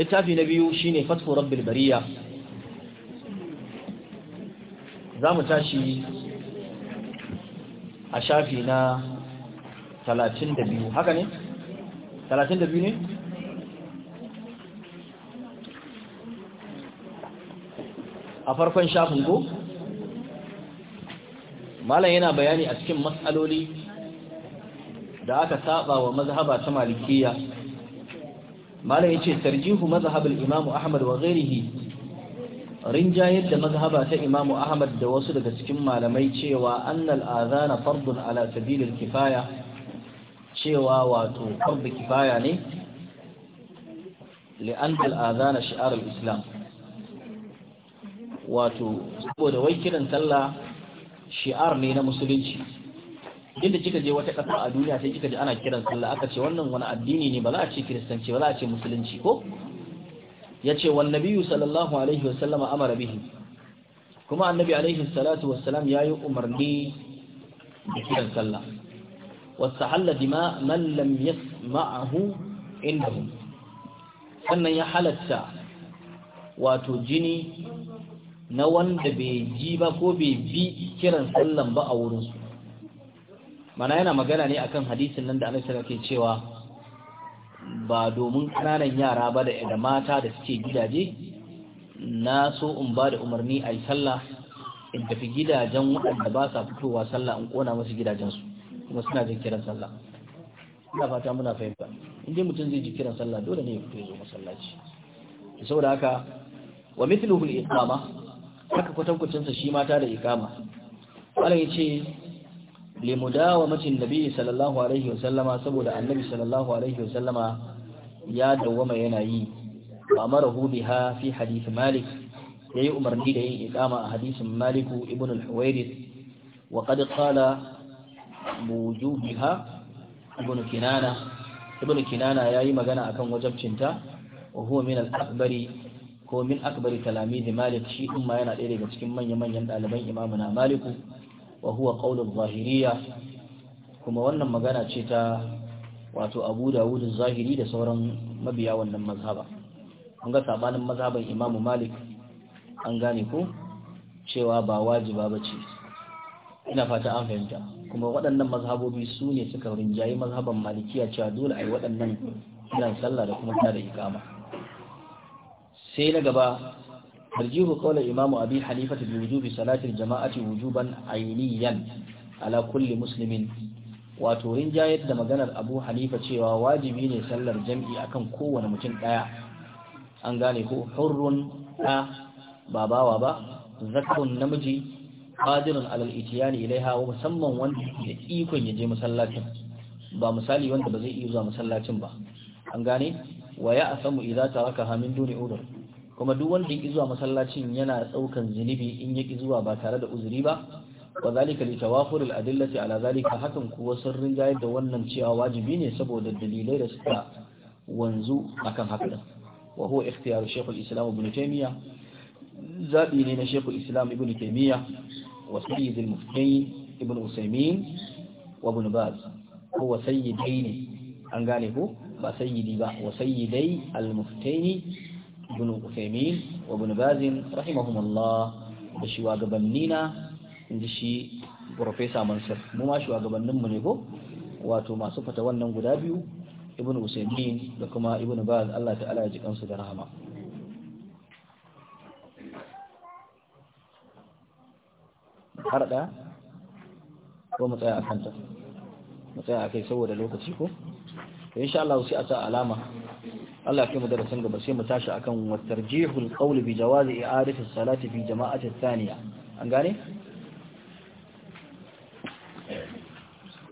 littafi na biyu shine fatfo rabbil bariya za mu tashi a shafi na 32 haka ne? 32 ne? a farkon shafin ko? malam yana bayani a cikin matsaloli da aka saba wa mazhaba ta malikiya malam ce tarjihu mazhab al-imam ahmad wa ghairihi rinjayar da mazhaba ta imam ahmad da wasu daga cikin malamai cewa annal adhana fardun ala sabil kifaya cewa wato fardu kifaya ne li'an al-adhana shi'ar islam wato saboda wai kiran sallah shi'ar ne na musulunci inda kika je wata ƙasa a duniya sai kika ji ana kiran sallah aka ce wannan wani addini ne ba za a ce kiristanci ba za a ce musulunci ko ya ce wa nabiyu sallallahu alaihi wasallama amara bihi kuma annabi alaihi salatu wassalam ya yi umarni da kiran sallah wasu halla dima man lam inda indahu sannan ya halatta wato jini na wanda bai ji ba ko bai bi kiran sallan ba a wurinsu mana yana magana ne akan hadisin nan da Annabi ke cewa ba domin kananan yara ba da mata da suke gidaje na so in ba da umarni a yi sallah in tafi gidajen waɗanda ba sa fitowa sallah in ƙona musu gidajensu kuma suna jin kiran sallah ina fata muna fahimta in dai mutum zai ji kiran sallah dole ne ya fito ya zo masallaci saboda haka wa mithluhu al-iqama haka kwatankwacin sa shi mata da iqama Allah ya ce limudawamatin nabi sallallahu alaihi wa wasallama saboda annabi sallallahu alaihi wa wasallama ya dawwama yana yi wa amarahu biha fi hadith malik ya yi umarni da yin iqama a hadisin maliku ibn al-huwairis wa qad qala wujubiha ibn kinana ibn kinana ya yi magana akan wajabcinta wa huwa min al-akbari ko min akbari talamizi malik shi umma yana ɗaya daga cikin manya-manyan ɗaliban imamuna maliku wa huwa qaulul zahiriya kuma wannan magana ce ta wato Abu Dawud zahiri da sauran mabiya wannan mazhaba an ga sabanin mazhaban Imam Malik an gane ko cewa ba wajiba bace ina fata an fahimta kuma waɗannan mazhabobi su ne suka rinjayi mazhaban malikiya cewa dole a yi waɗannan kiran sallah da kuma tada ikama sai na gaba tarjihu qawla imamu abi hanifa bi wujubi salati jama'ati wujuban ayniyan ala kulli muslimin wato rinjayar da maganar abu hanifa cewa wajibi ne sallar jam'i akan kowane mutum daya an gane ko hurrun da ba bawa ba zakun namiji qadirun alal itiyani ilaiha wa musamman wanda ya ikon ya je masallacin ba misali wanda ba zai iya zuwa masallacin ba an gane wa ya asamu idza tarakaha min duni udur kuma duk wanda yake zuwa masallacin yana daukan zunubi in yake zuwa ba tare da uzuri ba wa zalika li tawafur al adillati ala zalika hakan kuwa sun rinjaye da wannan cewa wajibi ne saboda dalilai da suka wanzu akan haka wa huwa ikhtiyar shaykh al islam ibn taymiya zabi ne na shaykh al islam ibn taymiya wa sayyid al mufti ibn usaymin wa ibn baz huwa sayyidaini an gane ko ba sayyidi ba wa sayyidai al muftaini Ibnu Uthaymeen wa ibn Baz rahimahumullah da shugabanni na inji shi Professor Mansur mu ma shugabannin mu ne ko wato masu fata wannan guda biyu ibn Uthaymeen da kuma ibn Baz Allah ta'ala ya ji kansu da rahama har da ko mu tsaya a kanta mu tsaya a kai saboda lokaci ko insha Allah sai a sa alama Allah ya kai mu darasin gaba sai mu tashi akan wa tarjihul qawl bi jawazi i'adati salati fi jama'ati thaniya an gane